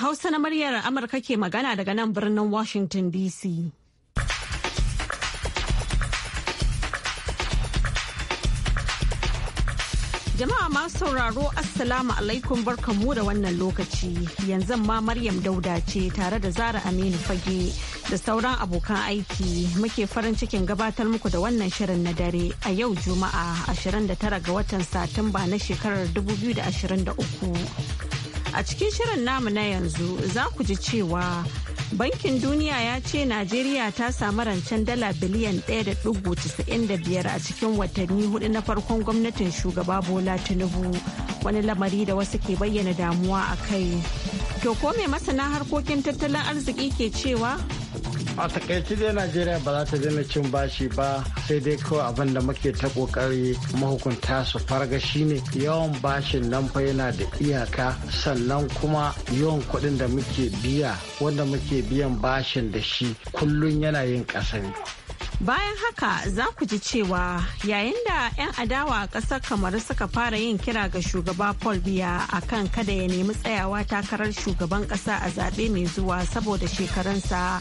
Hausa na muryar Amurka ke magana daga nan birnin Washington DC. Jama'a masu sauraro Assalamu alaikum barkanmu da wannan lokaci. Yanzu ma Maryam Dauda ce tare da Zara Aminu Fage da sauran abokan aiki muke farin cikin gabatar muku da wannan shirin na dare a yau Juma'a 29 ga watan Satumba na shekarar 2023. A cikin shirin namu na yanzu za ku ji cewa Bankin Duniya ya ce Najeriya ta samu rancen dala biliyan 1.95 a cikin watanni hudu na farkon gwamnatin shugaba Bola Tinubu wani lamari da wasu ke bayyana damuwa a kai. To ko mai masana harkokin tattalin arziki ke cewa? a takaice dai najeriya ba za ta daina cin bashi ba sai dai kawai abin da muke ta kokari mahukunta su farga shine yawan bashin nan fa yana da iyaka sannan kuma yawan kuɗin da muke biya wanda muke biyan bashin da shi kullum yana yin ƙasa ne Bayan haka za ku ji cewa yayin da 'yan adawa a ƙasar kamar suka fara yin kira ga shugaba Paul Biya a kan kada ya nemi tsayawa takarar shugaban ƙasa a zaɓe mai zuwa saboda shekarunsa.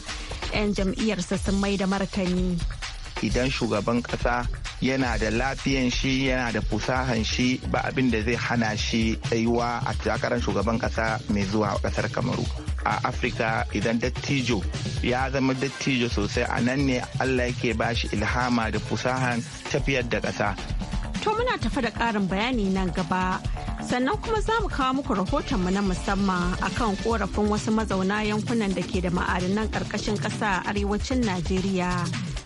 'yan jam'iyyarsa sun mai da martani. Idan shugaban ƙasa yana da lafiyan shi yana da fusahan shi ba abin da zai hana shi tsayuwa a takarar shugaban ƙasa mai zuwa ƙasar Kamaru. a afirka idan dattijo ya zama dattijo sosai a nan ne allah yake shi ilhama da fusahan tafiyar da ƙasa to muna tafa da ƙarin bayani nan gaba sannan kuma za mu kawo muku rahotonmu na musamman akan korafin wasu mazauna yankunan da ke da ma'adanan ƙarƙashin ƙasa a arewacin najeriya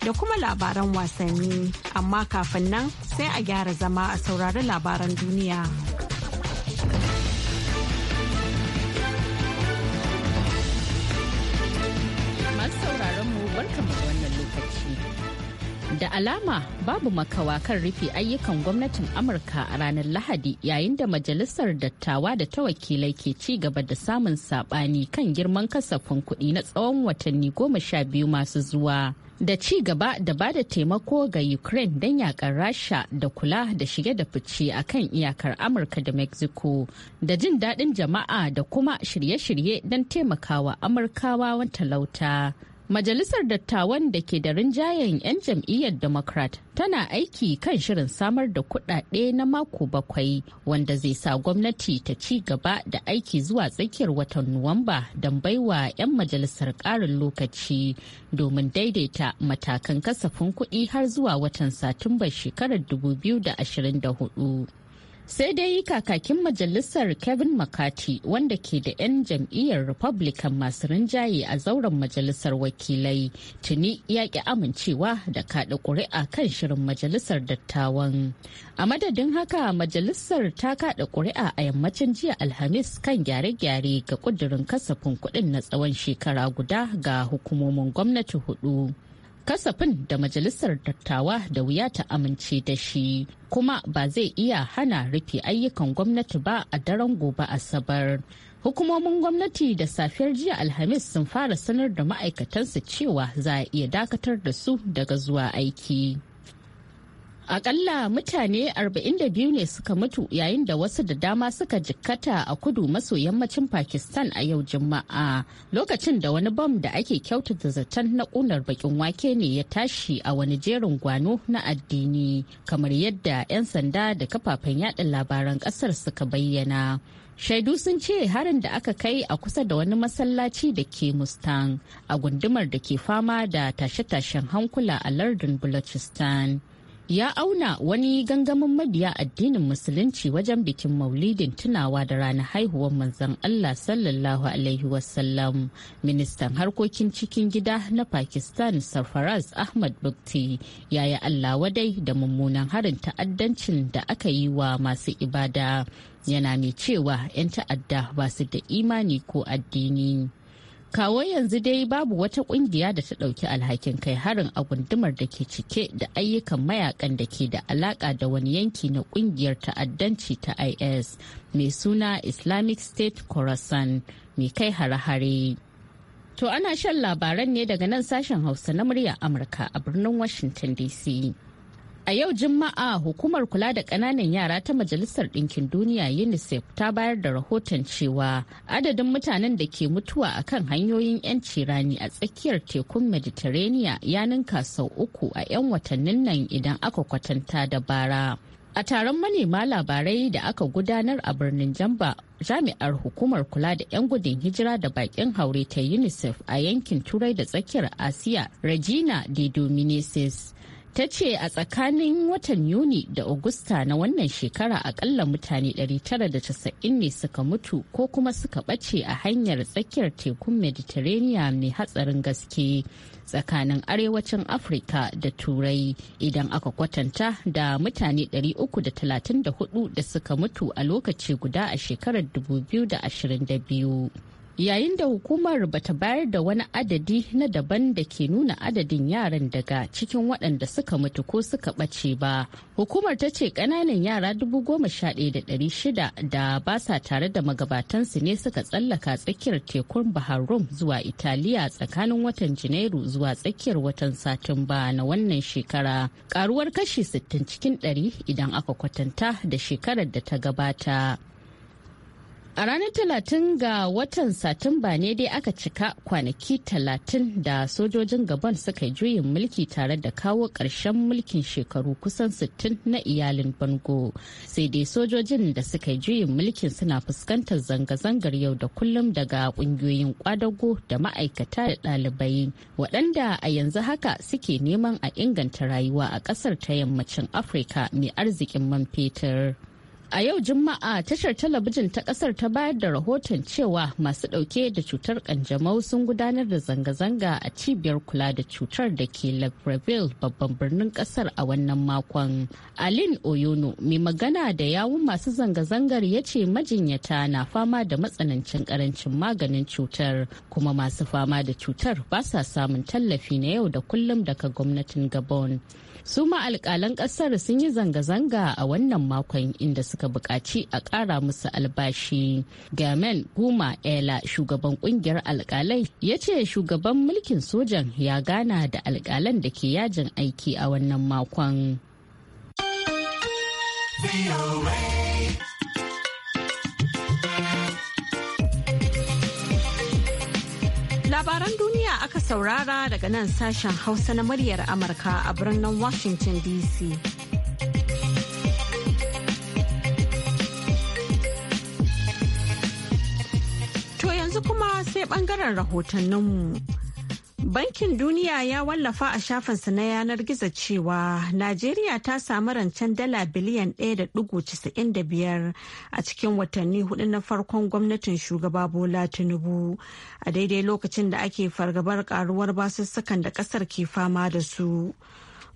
da kuma labaran wasanni amma kafin nan sai a gyara zama a saurari labaran duniya. alama babu makawa kan rufe ayyukan gwamnatin Amurka a ranar Lahadi yayin da majalisar dattawa da ta wakilai ke ci gaba da samun sabani kan girman kasafin kuɗi na tsawon watanni goma sha biyu masu zuwa. da ci gaba da ba da taimako ga ukraine don yakar rasha da kula da shige da fice a kan iyakar amurka da mexico da jin daɗin jama'a da kuma shirye-shirye don taimakawa amurkawa wata lauta. Majalisar Dattawan da ke da rinjayen 'yan jam'iyyar Democrat tana aiki kan shirin samar da kudade na mako bakwai wanda zai sa gwamnati ta ci gaba da aiki zuwa tsakiyar watan Nuwamba don baiwa 'yan majalisar ƙarin lokaci domin daidaita matakan kasafin kuɗi har zuwa watan Satumbar shekarar 2024. sai dai kakakin majalisar kevin mccarthy wanda ke da 'yan jam'iyyar republican masu rinjaye a zauren majalisar wakilai tuni ya ki amincewa da kaɗa ƙuri'a kan shirin majalisar dattawan a madadin haka majalisar ta kaɗa ƙuri'a a yammacin jiya alhamis kan gyare-gyare ga ƙudurin kasafin kuɗin na tsawon shekara guda ga hukumomin gwamnati hudu. kasafin da majalisar dattawa da wuya ta amince da shi kuma ba zai iya hana rufe ayyukan gwamnati ba a daren gobe asabar hukumomin gwamnati da safiyar jiya alhamis sun fara sanar da ma'aikatansu cewa za a iya dakatar da su daga zuwa aiki Akalla mutane 42 ne suka mutu yayin da wasu da dama suka jikkata a kudu maso yammacin Pakistan a yau Juma'a lokacin da wani bam da ake kyautata zaton na kunar bakin wake ne ya tashi a wani jerin gwano na addini kamar yadda 'yan sanda da kafafen yada labaran kasar suka bayyana. shaidu sun ce harin da aka kai a kusa da wani masallaci da ke mustang a gundumar da ke fama da tashe-tashen hankula a lardin balochistan ya auna wani gangamin mabiya addinin musulunci wajen bikin maulidin tunawa da ranar haihuwar manzon Allah sallallahu alaihi wasallam ministan harkokin cikin gida na Pakistan Sarfaraz Ahmad Bukti ya yi Allah wadai da mummunan harin ta'addancin da aka yi wa masu ibada yana mai cewa 'yan ta'adda ba su da imani ko addini. kawo yanzu dai babu wata kungiya da ta ɗauki alhakin kai harin a gundumar da ke cike da ayyukan mayakan da ke da alaka da wani yanki na kungiyar ta'addanci ta is mai suna islamic state khorasan mai kai hare-hare to ana shan labaran ne daga nan sashen hausa na murya amurka a birnin washington dc A yau Juma'a hukumar kula da ƙananan yara ta Majalisar Ɗinkin Duniya UNICEF ta bayar da rahoton cewa adadin mutanen da ke mutuwa a kan hanyoyin 'yanci rani a tsakiyar tekun Mediterranean ya ninka sau uku a 'yan watannin nan idan aka kwatanta da bara. A taron manema labarai da aka gudanar a birnin Jamba, jami'ar hukumar kula da 'yan gudun hijira da bakin haure ta UNICEF a yankin Turai da tsakiyar Asiya, Regina de Dominicis, ta ce a tsakanin watan yuni da augusta na wannan shekara akalla mutane 990 ne suka mutu ko kuma suka bace a hanyar tsakiyar tekun mediterranean mai hatsarin gaske tsakanin arewacin afirka da turai idan aka kwatanta da mutane 334 da suka mutu a lokaci guda a shekarar 2022 yayin da hukumar bata bayar da wani adadi na daban da ke nuna adadin yaran daga cikin waɗanda suka mutu ko suka ɓace ba hukumar ta ce ƙananan yara dubu goma sha ɗaya da ɗari shida da ba sa tare da magabatansu ne suka tsallaka tsakiyar tekun bahar rum zuwa italiya tsakanin watan janairu zuwa tsakiyar watan satumba na wannan shekara karuwar kashi 60 cikin 100 idan aka kwatanta da shekarar da ta gabata A ranar talatin ga watan Satumba ne dai aka cika kwanaki talatin da sojojin Gabon suka yi juyin mulki tare da kawo ƙarshen mulkin shekaru kusan sittin na iyalin Bango. Sai dai sojojin da suka juyin mulkin suna fuskantar zanga-zangar yau da kullum daga ƙungiyoyin kwadago da ma'aikata da ɗalibai waɗanda a yanzu haka suke neman a inganta rayuwa a ƙasar ta yammacin Afirka mai arzikin man fetur. A yau Juma'a tashar talabijin ta kasar ta bayar da rahoton cewa masu dauke da cutar kanjamau sun gudanar da zanga-zanga a cibiyar kula da cutar da ke Libreville babban birnin kasar a wannan makon. Alin Oyono mai magana da yawun masu zanga-zangar ya ce majinyata na fama da matsanancin karancin maganin cutar kuma masu fama da cutar ba sa samun tallafi na yau da kullum daga gwamnatin Gabon. su ma alkalan kasar sun yi zanga-zanga a wannan makon inda suka buƙaci a ƙara musu albashi gamen guma ela shugaban kungiyar alkalai ya ce shugaban mulkin sojan ya gana da alkalan da ke yajin aiki a wannan makon. Labaran duniya aka saurara daga nan sashen Hausa na muryar Amurka a birnin Washington DC. To yanzu kuma sai bangaren rahotanninmu. Bankin Duniya ya wallafa a shafinsa na yanar gizo cewa Najeriya ta samu rancen dala biliyan 1.95 a cikin watanni hudu na farkon gwamnatin shugaba Bola Tinubu a daidai lokacin da ake fargabar karuwar basussukan da kasar ke fama da su.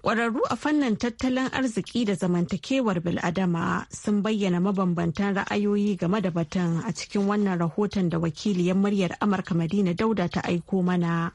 Ƙwararru a fannin tattalin arziki da zamantakewar bil'adama sun bayyana mabambantan ra'ayoyi game da batun a cikin wannan rahoton da wakiliyar muryar Amurka Madina Dauda ta aiko mana.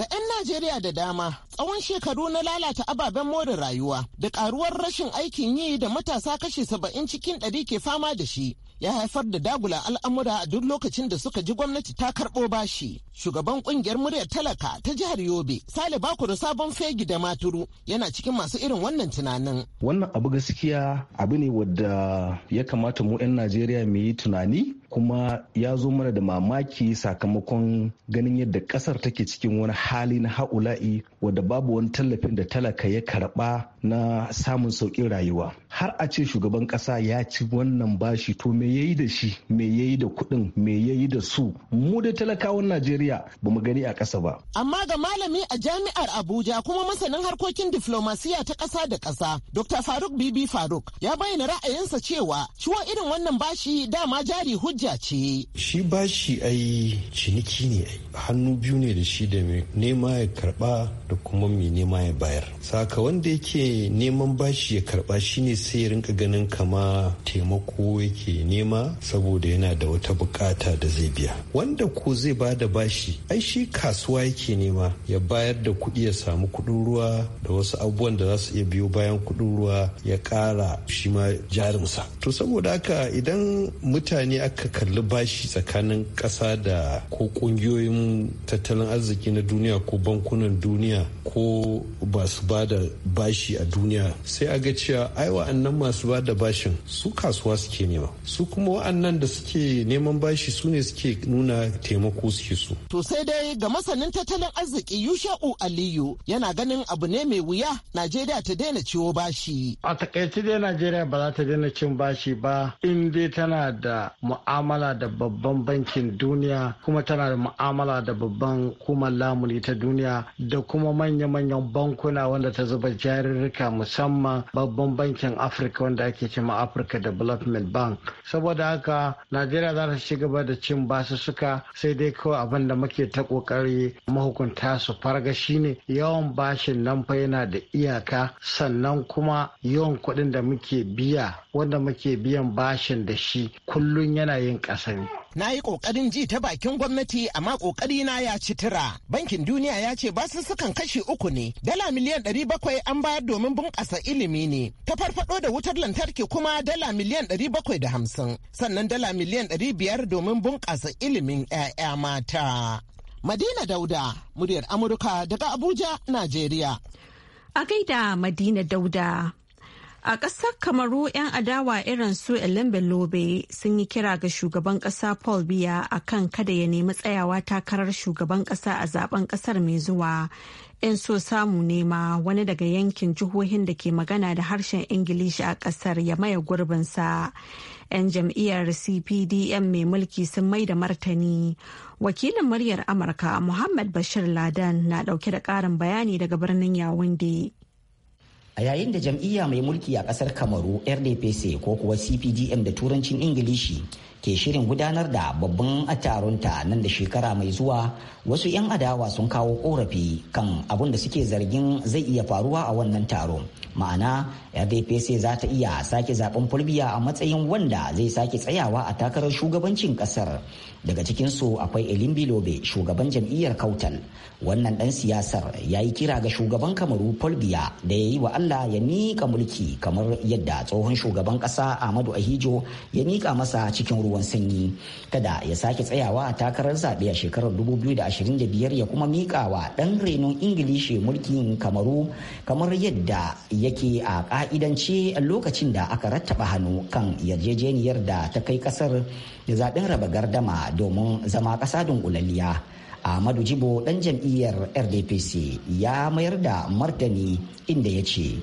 Ga 'yan Najeriya da dama, tsawon shekaru na lalata ababen more rayuwa da karuwar rashin aikin yi da matasa kashe saba'in cikin ɗari ke fama da shi. ya haifar da dagula al'amura a duk lokacin da suka ji gwamnati ta karɓo bashi. Shugaban ƙungiyar muryar talaka ta jihar Yobe, Sale da Sabon Fegi da Maturu yana cikin masu irin wannan tunanin. Wannan abu gaskiya abu ne wadda ya kamata mu 'yan Najeriya mu yi tunani kuma ya zo mana da mamaki sakamakon ganin yadda kasar take cikin wani hali na haula'i wadda babu wani tallafin da talaka ya karba na samun sauƙin rayuwa har a ce shugaban ƙasa ya ci wannan bashi to me yayi da shi me yayi da kuɗin me yayi da su mu da talakawan najeriya ba mu gani a ƙasa ba amma ga malami a jami'ar abuja kuma masanin harkokin diflomasiya ta ƙasa da ƙasa dr faruk bibi faruk ya bayyana ra'ayinsa cewa ciwon irin wannan bashi dama jari hujja hujja ce. Shi bashi ai ciniki ne ai hannu biyu ne da shi da nema ya karba da kuma mai nema ya bayar. Saka wanda yake neman bashi ya karba shine sai ya rinka ganin kama taimako yake nema saboda yana da wata bukata da zai biya. Wanda ko zai ba da bashi ai shi kasuwa yake nema ya bayar da kuɗi ya samu kuɗin ruwa da wasu abubuwan da za su iya biyo bayan kuɗin ruwa ya ƙara shi ma jarumsa. To saboda haka idan mutane aka kalli bashi tsakanin ƙasa da ko ƙungiyoyin tattalin arziki na duniya ko bankunan duniya ko ba su ba da bashi a duniya sai a ga cewa ai wa'annan masu ba da bashin su kasuwa suke nema su kuma wa'annan da suke neman bashi su ne suke nuna taimako suke so. to sai dai ga masanin tattalin arziki yusha'u aliyu yana ganin abu ne mai wuya najeriya ta daina ciwo bashi a takaice dai najeriya ba za ta daina cin bashi ba in dai tana da mu'amala mu'amala da babban bankin duniya kuma tana da mu'amala da babban hukumar lamuni ta duniya da kuma manya-manyan bankuna wanda ta zuba jaririka musamman babban bankin afirka wanda ake cima afirka development bank saboda haka najeriya za ta ci gaba da cin basussuka sai dai kawai abin da muke ta kokari mahukunta su farga shine yawan bashin nan fa yana da iyaka sannan kuma yawan kuɗin da muke biya wanda muke biyan bashin da shi kullum yana yin Na yi ƙoƙarin ji ta bakin gwamnati amma ƙoƙari na ya ci tura. Bankin Duniya ya ce sukan kashi uku ne. Dala miliyan ɗari bakwai an bayar domin bunƙasa ilimi ne. Ta farfaɗo da wutar lantarki kuma dala miliyan ɗari bakwai da hamsin. Sannan dala miliyan ɗari biyar domin bunƙasa ilimin 'ya'ya mata. Madina Dauda, muryar Amurka daga Abuja, Najeriya. A gaida Madina Dauda. A ƙasar Kamaru 'yan adawa irin su Elimbe Lobe sun yi kira ga shugaban ƙasa Paul Biya a kan kada ya nemi tsayawa takarar shugaban ƙasa a zaben ƙasar mai zuwa. In so samu nema wani daga yankin jihohin da ke magana da harshen Ingilishi a ƙasar ya maye gurbinsa. 'Yan jam'iyyar CPDM mai mulki sun mai da martani. Wakilin muryar Amurka Muhammad Bashir Ladan na ɗauke da ƙarin bayani daga birnin Yawunde. a yayin da jam'iyya mai mulki a kasar kamaru rdpc ko kuwa cpdm da turancin ingilishi ke shirin gudanar da babban taronta nan da shekara mai zuwa wasu 'yan adawa sun kawo korafi kan abin da suke zargin zai iya faruwa a wannan taro ma'ana rdpc za ta iya sake zaben fulbiya a matsayin wanda zai sake tsayawa a takarar shugabancin kasar daga cikinsu akwai elin bilobe shugaban jam'iyyar kautal wannan dan siyasar ya yi kira ga shugaban kamaru fulbiya da ya yi wa allah ya miƙa mulki kamar yadda tsohon shugaban kasa ahmadu ahijo ya miƙa masa cikin ruwan sanyi kada ya sake tsayawa a takarar zaɓe a shekarar 2020 25 ya kuma mikawa dan renon ingilishi mulkin kamaru kamar yadda yake a ka'idance lokacin da aka rattaba hannu kan yarjejeniyar da ta kai kasar da zaɓen raba gardama domin zama ƙasa dunkulalliya ahmadu jibo dan jam'iyyar rdpc ya mayar da martani inda ya ce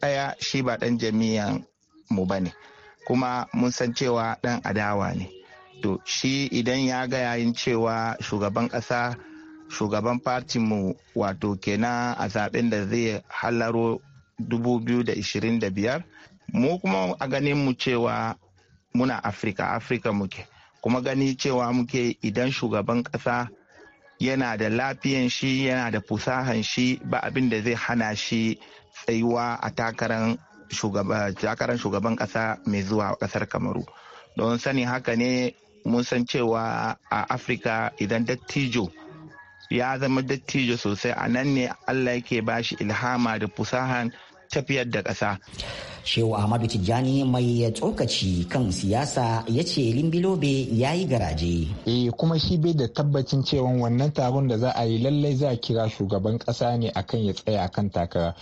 ɗaya shi ba ɗan mu ba kuma mun san cewa ɗan adawa ne to shi idan ya ga yayin cewa shugaban ƙasa shugaban mu wato kenan a zaben da zai halaro 2025 mu kuma a ganin mu cewa muna afirka afirka muke kuma gani cewa muke idan shugaban ƙasa yana da lafiyan shi yana da fusahan shi ba abin da zai hana shi tsayuwa a takarar shugaban ƙasa mai zuwa ƙasar kamaru don sani haka ne mun san cewa a afirka idan dattijo ya zama dattijo sosai a nan ne allah yake ba shi ilhama da fusahan tafiyar da ƙasa. Shehu Ahmadu Tijjani mai tsokaci kan siyasa ya ce Limbilobe ya yi garaje. Eh kuma shi bai da tabbacin cewa wannan taron da za a yi lallai za a kira shugaban ƙasa ne akan ya tsaya kan takara.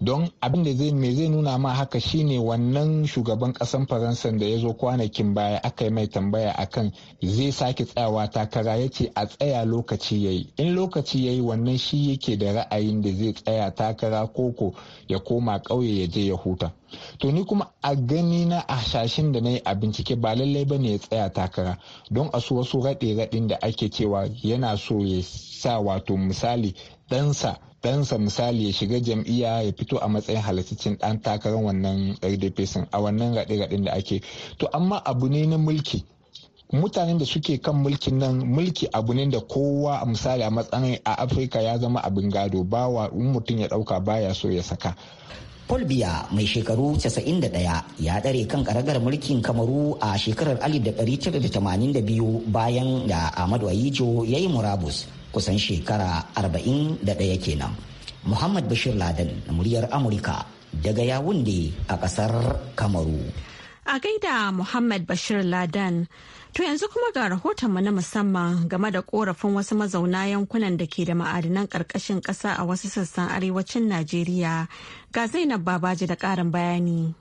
don abin da zai me zai nuna ma haka shine wannan shugaban kasan faransa da ya zo kwanakin baya aka yi mai tambaya akan zai sake tsayawa takara ya ce a tsaya lokaci ya yi in lokaci ya yi wannan shi yake da ra'ayin da zai tsaya takara koko ya koma ƙauye ya je ya huta to ni kuma a gani na a shashin da na yi a bincike ba lallai ba ne ya tsaya takara don a su wasu raɗe-raɗin da ake cewa yana so ya sa wato misali ɗansa ɗansa misali ya shiga jam'iyya ya fito a matsayin halittacin ɗan takarar wannan sun a wannan raɗe-raɗen da ake to amma abu ne na mulki mutanen da suke kan mulkin nan mulki abu ne da kowa a misali a matsayin a afirka ya zama abin gado ba wa mutum ya ɗauka baya so ya saka Paul Biya mai shekaru 91 ya dare kan karagar mulkin Kamaru a shekarar 1982 bayan da Ahmadu Ayijo ya yi murabus. kusan shekara 41 kenan muhammad bashir laden na muryar amurka daga yawunde a kasar kamaru a gaida muhammad bashir laden to yanzu kuma ga rahotonmu na musamman game da korafin wasu mazauna yankunan da ke da ma'adinan ƙarƙashin ƙasa a wasu sassan arewacin najeriya ga zainab babaji da ƙarin bayani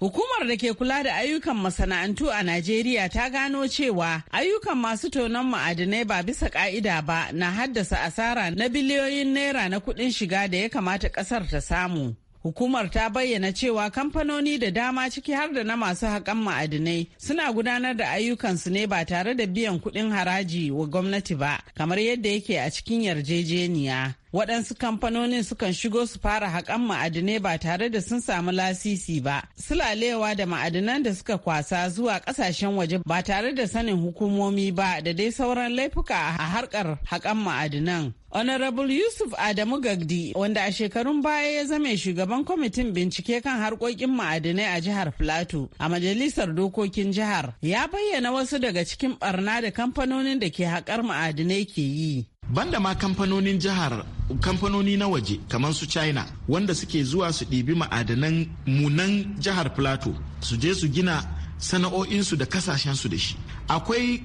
Hukumar da ke kula da ayyukan masana'antu a Najeriya ta gano cewa ayyukan masu tonon ma'adinai ba bisa ka'ida ba na haddasa asara na biliyoyin naira na kuɗin shiga da ya kamata ƙasar ta samu. Hukumar ta bayyana cewa kamfanoni da dama ciki har da na masu haƙan ma'adinai suna gudanar da ayyukansu ne ba tare da biyan kuɗin haraji wa gwamnati ba, kamar yadda yake a cikin yarjejeniya. waɗansu kamfanonin sukan shigo su fara haƙan ma'adinai ba tare da sun samu lasisi ba sulalewa da ma'adinan da suka kwasa zuwa ƙasashen waje ba tare da sanin hukumomi ba da dai sauran laifuka a harkar haƙan ma'adinan Honorable Yusuf Adamu Gagdi, wanda a shekarun baya ya zame shugaban kwamitin bincike kan harkokin ma'adinai a jihar Filato a majalisar dokokin jihar, ya bayyana wasu daga cikin barna da kamfanonin da ke haƙar ma'adinai ke yi. Banda ma kamfanonin jihar kamfanoni na waje kamar su china wanda suke zuwa su ɗibi ma'adanan munan jihar plateau su je su gina sana'o'insu da kasashensu da shi akwai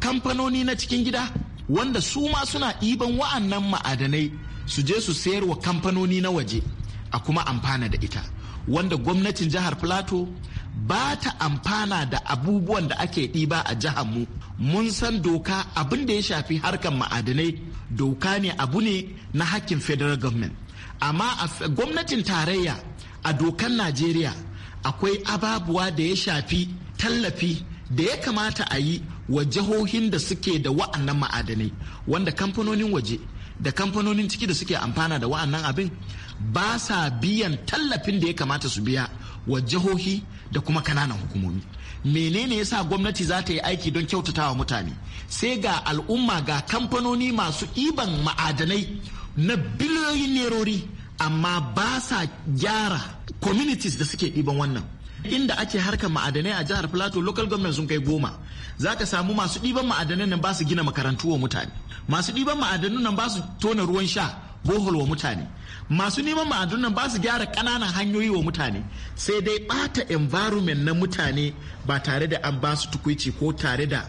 kamfanoni na cikin gida wanda su ma suna ɗiban wa'annan ma'adanai su je su sayarwa kamfanoni na waje a kuma amfana da ita wanda gwamnatin jihar plateau ba ta amfana da abubuwan da ake ɗiba a jihar mu mun san doka abin da ya shafi harkar ma'adinai doka ne abu ne na hakkin federal government amma a gwamnatin tarayya a dokan najeriya akwai ababuwa da ya shafi tallafi da ya kamata a yi wa jihohin da suke da wa'annan ma'adanai wanda kamfanonin waje da kamfanonin ciki da suke amfana da wa'annan abin ba sa biyan tallafin da ya kamata su biya wa jihohi da kuma kananan hukumomi menene yasa gwamnati za ta yi aiki don kyautatawa mutane sai ga al'umma ga kamfanoni masu iban ma'adanai na biliyoyin nerori amma ba sa gyara communities da suke iban wannan inda ake harkar ma'adanai a jihar plateau local government sun kai goma za ka samu masu ɗiban ma'adanan nan ba su gina makarantu wa mutane masu ɗiban ma'adanan nan ba su tona ruwan sha bohol wa mutane masu neman ma'adunan ba su gyara ƙananan hanyoyi wa mutane sai dai ɓata environment na mutane ba tare da an ba su tukuici ko tare da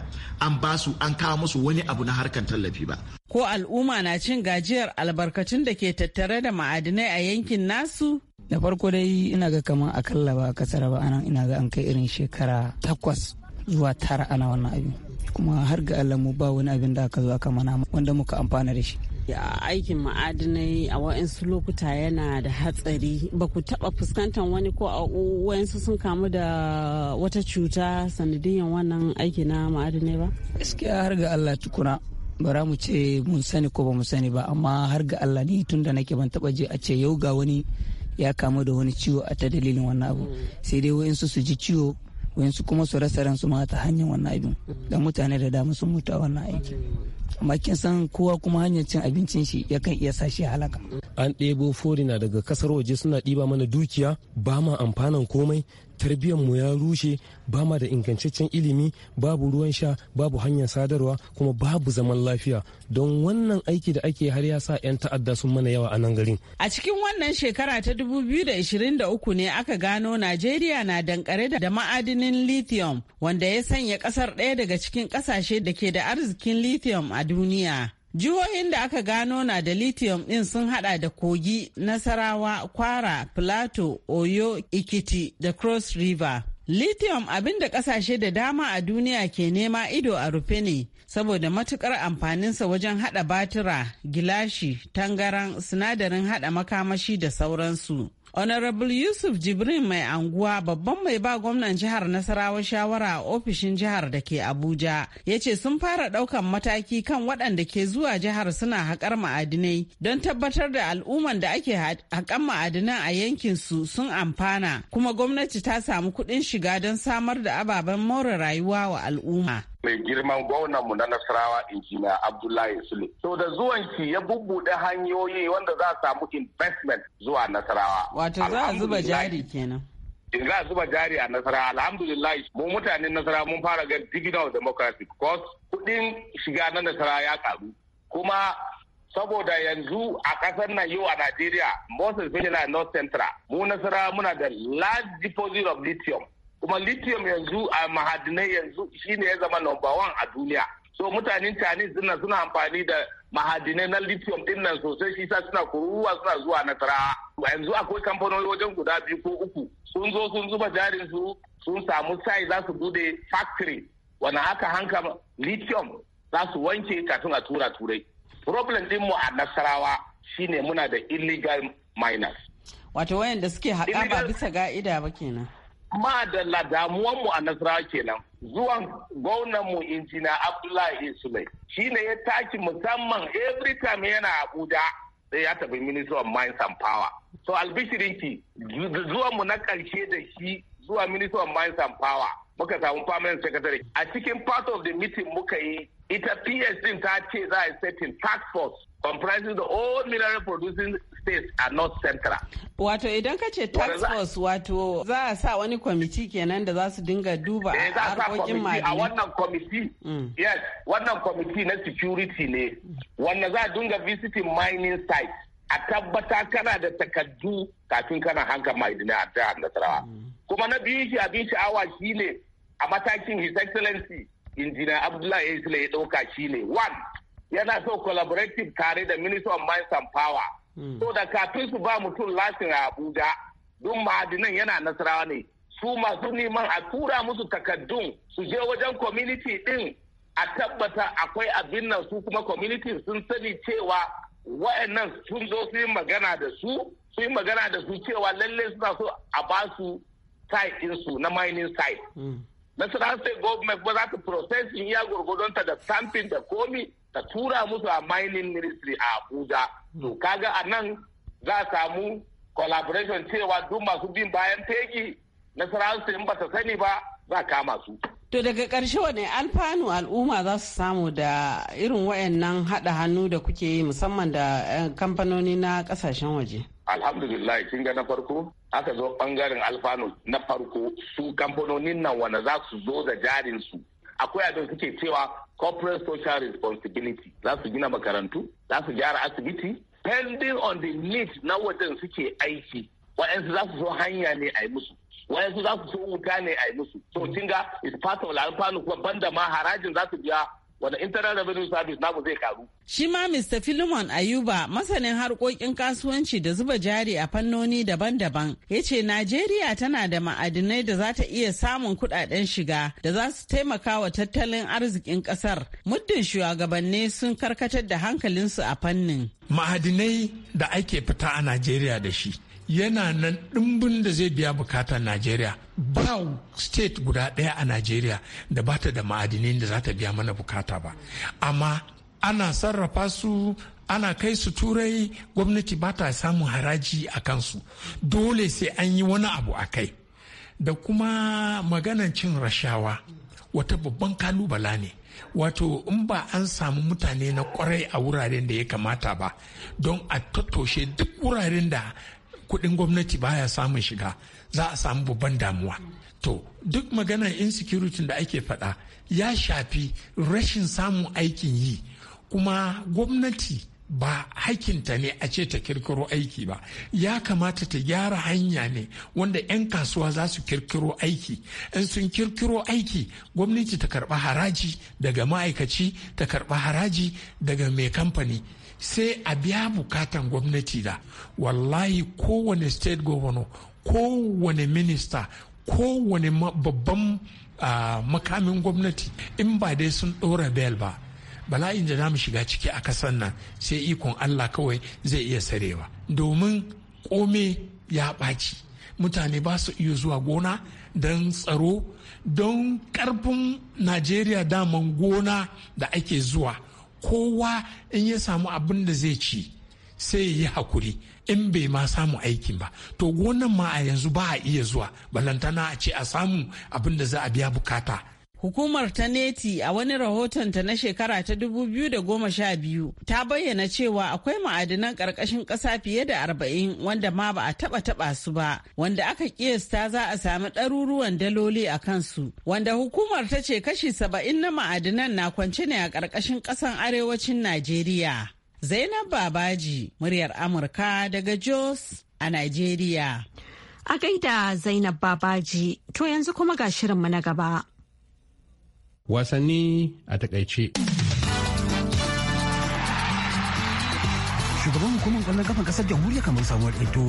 an ba su an kawo musu wani abu na harkar tallafi ba ko al'umma na cin gajiyar albarkacin da ke tattare da ma'adinai a yankin nasu da farko dai ina ga kamar kalla ba kasar ba anan ina ga an kai irin shekara takwas zuwa tara ana wannan abin kuma har ga Allah mu ba wani abin da aka zo aka mana wanda muka amfana da shi aikin ma'adinai a wa'insu lokuta yana da hatsari ba ku taɓa fuskantar wani ko a wa'insu sun kamu da wata cuta sanadiyan wannan aiki na ma'adinai ba? gaskiya har ga Allah tukuna bara mu ce mun sani ko ba mu sani ba amma har ga Allah ni tun da nake ban taba je a ce yau ga wani ya kamu da wani ciwo a ta dalilin wannan abu mm. sai dai wa'insu su ji ciwo wayansu kuma su rasa ransu ma ta hanyar wannan abin da mutane da dama sun mutu a wannan aiki amma kin san kowa kuma hanyar cin abincin shi yakan iya sa shi halaka an ɗebo forina daga kasar waje suna ɗiba mana dukiya ba ma amfanan komai mu ya rushe ba ma da ingantaccen ilimi babu ruwan sha babu hanyar sadarwa kuma babu zaman lafiya don wannan aiki da ake har ya sa 'yan ta'adda sun mana yawa a nan garin a cikin wannan shekara ta 2023 ne aka gano najeriya na dankare da ma'adinin lithium wanda ya sanya kasar ɗaya daga cikin ƙasashe da ke da arzikin lithium a duniya Jihohin da aka gano na da lithium ɗin sun hada da Kogi, Nasarawa, Kwara, plato Oyo, Ikiti da Cross River. Lithium abin da kasashe da dama a duniya ke nema ido a rufe ne saboda matukar amfaninsa wajen hada batira, gilashi, tangaran, sinadarin hada makamashi da sauransu. Honorable Yusuf Jibrin mai anguwa babban mai ba gwamnan jihar Nasarawa shawara a ofishin jihar da ke Abuja ya ce sun fara daukan mataki kan waɗanda ke zuwa jihar suna haƙar ma'adinai don tabbatar da al'umman da ake haƙan ma'adinan a yankinsu sun amfana kuma gwamnati ta samu kuɗin shiga don samar da ababen more rayuwa wa al'umma. mai girman mu na Nasarawa injiniya Abdullahi Sule. So da zuwan ki ya bubbuɗe hanyoyi wanda za a samu investment zuwa Nasarawa. Wato za a zuba jari kenan. in za a zuba jari a nasara alhamdulillah mu mutanen nasara mun fara ga digital democracy because kudin shiga na nasara ya karu kuma saboda yanzu a kasar nan yau a Najeriya most especially north central mu nasara muna da large deposit of lithium kuma lithium yanzu a mahadinai yanzu shine ya zama number one a duniya so mutanen chinese din suna amfani da mahadinai na lithium din nan sosai shi sa suna kuruwa suna zuwa na tara yanzu akwai kamfanoni wajen guda biyu ko uku sun zo sun zuba jarin su sun samu sai za su bude factory wani haka hanka lithium za su wanke kafin a tura turai problem din mu a nasarawa shine muna da illegal miners wato wayanda suke haka ba bisa ga'ida ba kenan ma da mu a nasarawa kenan zuwan gwamnanmu injina abdullahi sulai shi ne ya taki musamman every time yana abuja sai ya tafi minister of mines and power so albishirinki mu na ƙarshe da shi zuwa minister of mines and power muka samu permanent secretary a cikin part of the meeting muka yi ita ps din ta ce za a setting task force comprising the all mineral producing states are not central. Wato idan ka ce tax force wato za a sa wani kwamiti kenan da za su dinga duba eh, a harkokin madini. A wannan kwamiti, mm. yes, wannan kwamiti na security ne, wanda za a dinga visiting mining sites. A tabbata kana da takardu kafin kana hanka madini a ta Nasarawa. Mm. Kuma na biyu shi abin sha'awa shine a matakin His Excellency Injiniya Abdullahi Isla ya ɗauka shine one yana so collaborative tare da Minister of Mines and Power Hmm. So da kafin su ba mutum lasin a Abuja don ma'adinan yana nasarawa ne. Su masu neman a tura musu takaddun su je wajen community din a tabbata akwai abin nan su kuma community sun sani cewa wa'annan sun zo su yi magana da su su yi magana da su cewa lalle suna so a ba su site su na mining site. Hmm. Nasarawa state government ba za ta processing ya gurgudunta da stamping da komi ka tura musu a mining ministry a abuja to kaga a nan za a samu collaboration cewa duk masu bin bayan fegi nasararsu in ba ta sani ba za a kama su To daga karshe wane alfanu al'umma za su samu da irin wayannan haɗa hannu da kuke yi musamman da eh, kamfanoni na ƙasashen waje? Alhamdulillah kin ga na farko aka zo bangaren alfanu na farko su kamfanonin nan wane za su zo da jarin su akwai abin suke cewa corporate social responsibility za su gina makarantu za su gyara asibiti pending on the need na wajen suke aiki waɗansu za su so hanya ne a yi musu wa'yansu za su so wuta ne a yi musu so kinga is part of alfanu kuma banda ma harajin za su biya wanda internet revenue service naku zai karu. Shi ma Mr. Philemon Ayuba masanin harkokin kasuwanci da zuba jari a fannoni daban-daban ya ce Najeriya tana da ma'adinai da za ta iya samun kudaden shiga da za su taimaka wa tattalin arzikin kasar muddin shugabanni sun karkatar da hankalinsu a fannin. Ma'adinai da ake fita a Najeriya da shi yana nan ɗimbin da zai biya bukatar najeriya ba state guda ɗaya a najeriya da bata da ma'adinai da za ta biya mana bukata ba amma ana sarrafa su ana kai su turai gwamnati ba ta samun haraji a kansu dole sai an yi wani abu a kai da kuma maganan cin rashawa wata babban kalubala ne wato in ba an samu mutane na kwarai a wuraren da ya kamata ba don a tattoshe duk wuraren da kuɗin gwamnati baya samun shiga za a samu babban damuwa to duk maganar insecurity da ake faɗa ya shafi rashin samun aikin yi kuma gwamnati ba hakinta ne a ce ta kirkiro aiki ba ya kamata ta gyara hanya ne wanda 'yan kasuwa za su kirkiro aiki in sun kirkiro aiki gwamnati ta karɓa haraji daga ma'aikaci ta karɓa haraji daga mai kamfani sai a biya bukatan gwamnati da wallahi kowane state governor kowane minista kowane babban ah, makamin gwamnati in ba dai sun ɗora bel ba bala'in da za mu shiga ciki a kasan nan sai ikon allah kawai zai iya sarewa domin kome ya ɓaci mutane ba su iya zuwa gona don tsaro don karfin najeriya daman gona da ake zuwa kowa in ya samu abin da zai ci sai ya yi hakuri in bai ma samu aikin ba to gonan ma a yanzu ba a iya zuwa balantana a ce a samu abin da za a biya bukata Hukumar ta Neti a wani rahoton ta na shekara ta 2012 ta bayyana cewa akwai ma'adinan ƙarƙashin ƙasa fiye da 40 wanda ma ba a taɓa taɓa su ba, wanda aka ƙiyasta za a sami ɗaruruwan daloli a kansu, wanda hukumar ta ce kashi 70 na ma'adinan na kwance ne a ƙarƙashin ƙasan arewacin Najeriya. Zainab Babaji, muryar Amurka daga Jos a Najeriya. A gaida Zainab Babaji, to yanzu kuma ga shirin mu na gaba. wasanni a takaice. Shugaban hukumar kwallon kafan kasar jamhuriyar kamar samuwar ito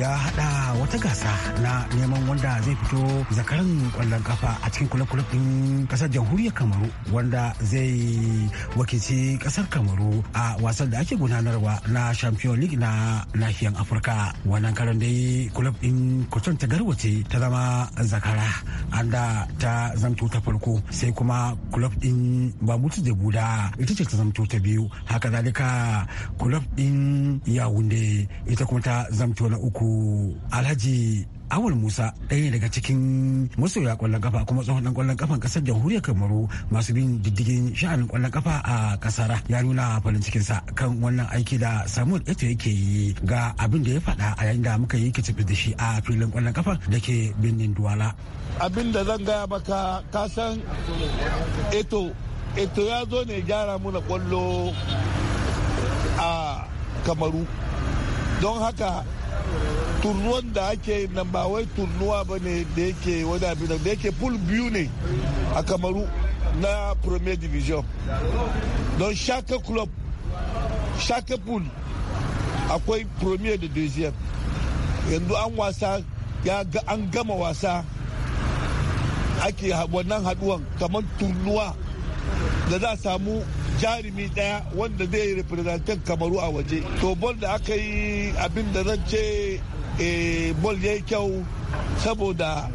ya hada wata gasa na neman wanda zai fito zakaran kwallon kafa a cikin kula-kula din kasar jamhuriyar kamaru wanda zai wakilci kasar kamaru a wasan da ake gudanarwa na champion league na nahiyar afirka wannan karan dai kula din kwaton ta garwace ta zama zakara anda ta zamto ta farko sai kuma kulob din bamutu da buda ita ce ta zamto ta biyu haka zalika kulob din ya yawunde ita kuma ta zamto na uku alhaji awal musa ɗaya ne daga cikin masoya kwallon kafa kuma tsohon dan kwallon kafan kasar jamhuriyar kamaru masu bin diddigin sha'anin kwallon kafa a kasar ya nuna farin cikinsa kan wannan aiki da samuel eto yake yi ga abin da ya faɗa a yayin da muka yi kicin da shi a filin kwallon kafa da ke birnin duwala abin da zan gaya maka san eto eto ya zo ne gyara na kwallo a kamaru don haka turnuwan da ake nan ba wai turnuwa ba ne da yake wada abin da yake pool biyu ne a kamaru na premier division don shaka club shaka pool akwai premier da division yanzu an wasa ya ga an gama wasa ake wannan haduwan kamar turnuwa da za a samu jarumi daya wanda zai representan kamaru a waje to bol da aka yi abin da zan ce eh, bol ya yi kyau saboda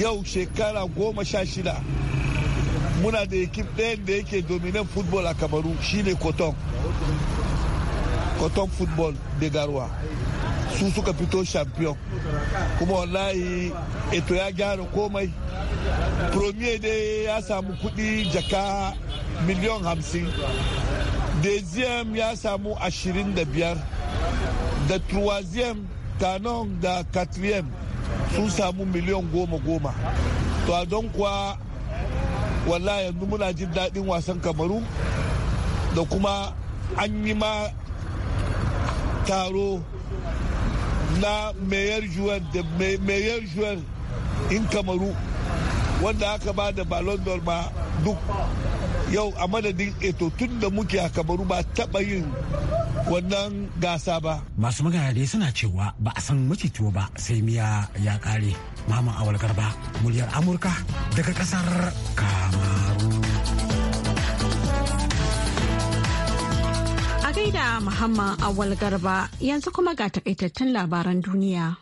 yau shekara goma sha shida muna da ekip ɗayan da yake dominan football a kamaru shine cotton cotton football da garwa su suka fito champion kuma wallahi eto ya gyara komai premier dai ya samu kuɗi jaka miliyon hamsin deziyem ya samu ashirin da biyar da truwaziyem tanon da katriyem sun samu miliyon goma goma to a don kuwa wallahi yanzu muna jin daɗin wasan kamaru da kuma an yi ma taro na mayor juwel da mayor juwel in kamaru wanda aka ba da ballon d'or ma duk yau a madadin eto eh, tun da muke a kabaru ba taɓa yin wannan gasa ba. Masu magana dai suna cewa ba a san macituwa ba sai miya ya kare. Mama Awal Garba, muryar Amurka daga kasar Kamaru. A gaida Muhammad Awal Garba yanzu kuma ga takaitattun labaran duniya.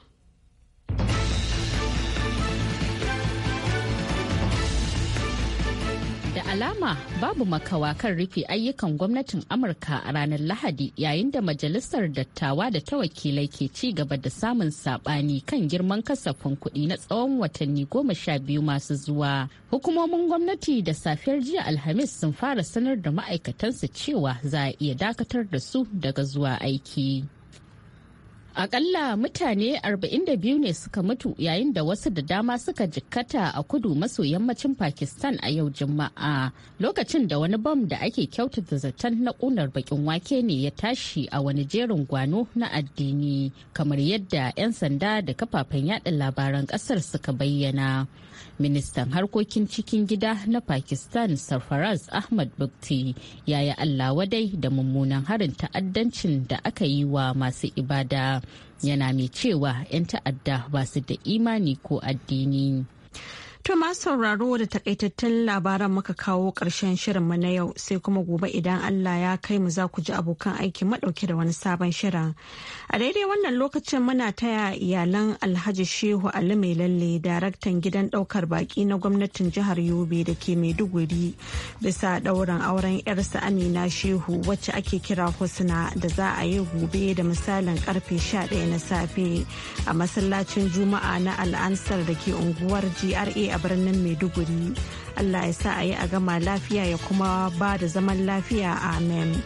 alama babu makawa kan rufe ayyukan gwamnatin Amurka a ranar Lahadi yayin da Majalisar Dattawa da ta wakilai ke ci gaba da samun saɓani kan girman kasafin kuɗi na tsawon watanni goma sha biyu masu zuwa. Hukumomin gwamnati da safiyar jiya Alhamis sun fara sanar da ma'aikatansu cewa za a iya dakatar da su daga zuwa aiki. Akalla mutane 42 ne suka mutu yayin da wasu da dama suka jikkata a kudu maso yammacin Pakistan a yau Juma'a lokacin da wani bom da ake kyautata zaton na ƙunar bakin wake ne ya tashi a wani jerin gwano na addini kamar yadda 'yan sanda da kafafen yada labaran ƙasar suka bayyana. Ministan harkokin cikin gida na Pakistan Sarfaraz Ahmad Bukti ya yi Allah wadai da mummunan harin ta'addancin da aka yi wa masu ibada. yana mai cewa 'yan ta'adda ba su da imani ko addini. To masu sauraro da takaitattun labaran muka kawo ƙarshen mu na yau sai kuma gobe idan Allah ya kai mu za ku ji abokan aiki maɗauke da wani sabon shirin. A daidai wannan lokacin muna taya iyalan Alhaji Shehu Ali Mai Lalle daraktan gidan ɗaukar baƙi na gwamnatin jihar Yobe da ke Maiduguri bisa ɗaurin auren 'yarsa Amina Shehu wacce ake kira Husna da za a yi gobe da misalin karfe 11 na safe a masallacin Juma'a na Al'ansar da ke unguwar GRA a birnin maiduguri allah ya sa a yi a gama lafiya ya kuma ba da zaman lafiya amen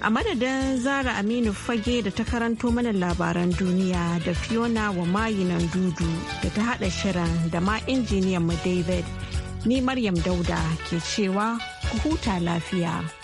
a madadin zara aminu fage da ta karanto mana labaran duniya da fiona wa mayinan dudu da ta hada shirin da ma injiniyan mu david ni maryam dauda ke cewa ku huta lafiya.